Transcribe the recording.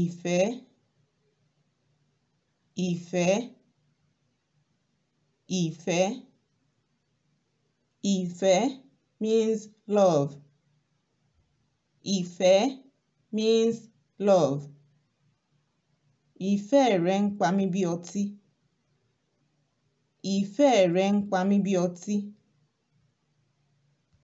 ìfẹ́ ìfẹ́ ìfẹ́ ìfẹ́ means love ìfẹ́ means love ìfẹ́ rẹ ń pa mí bí ọtí ìfẹ́ rẹ ń pa mí bí ọtí